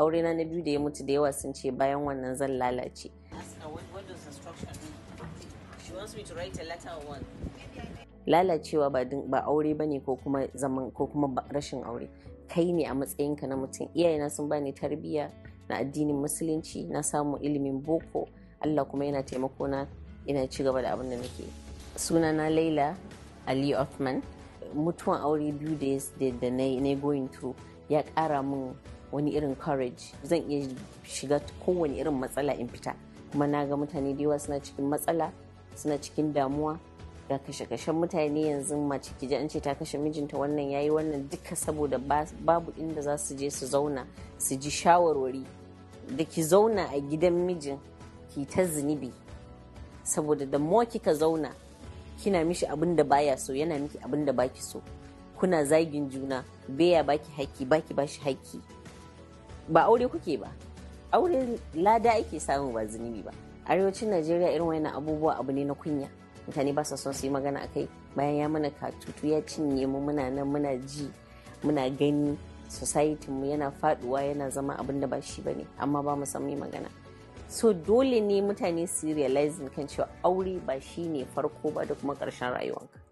aure na na biyu da ya mutu da yawa sun ce bayan wannan zan lalace lalacewa ba aure bane ko ko kuma rashin aure kai ne a matsayinka na mutum iyayena sun bani tarbiyya na addinin musulunci na samu ilimin boko Allah kuma yana taimako na ina ci gaba da abin da nake sunana Laila Ali Othman mutuwan aure biyu da na going through ya kara mun. wani irin courage zan iya shiga kowane irin matsala in fita kuma na ga mutane da yawa suna cikin matsala suna cikin damuwa ga kashe-kashen mutane yanzu mace kije an ce ta kashe mijinta wannan yayi wannan duka saboda babu inda za su je su zauna su ji shawarwari da ki zauna a gidan mijin ki ta zunubi saboda da mo kika zauna kina mishi abin da baya so yana miki abin da baki so kuna zagin juna baya baki haƙƙi baki bashi haƙƙi ba aure kuke ba aure lada ake samu ba zunubi ba arewacin najeriya irin wayannan abubuwa abu ne na kunya mutane ba sa son su yi magana akai bayan ya mana katutu ya cinye mu muna nan muna ji muna gani society mu yana faduwa yana zama abin da ba shi bane amma ba mu san mai magana so dole ne mutane su realize kan cewa aure ba shi ne farko ba da kuma karshen rayuwanka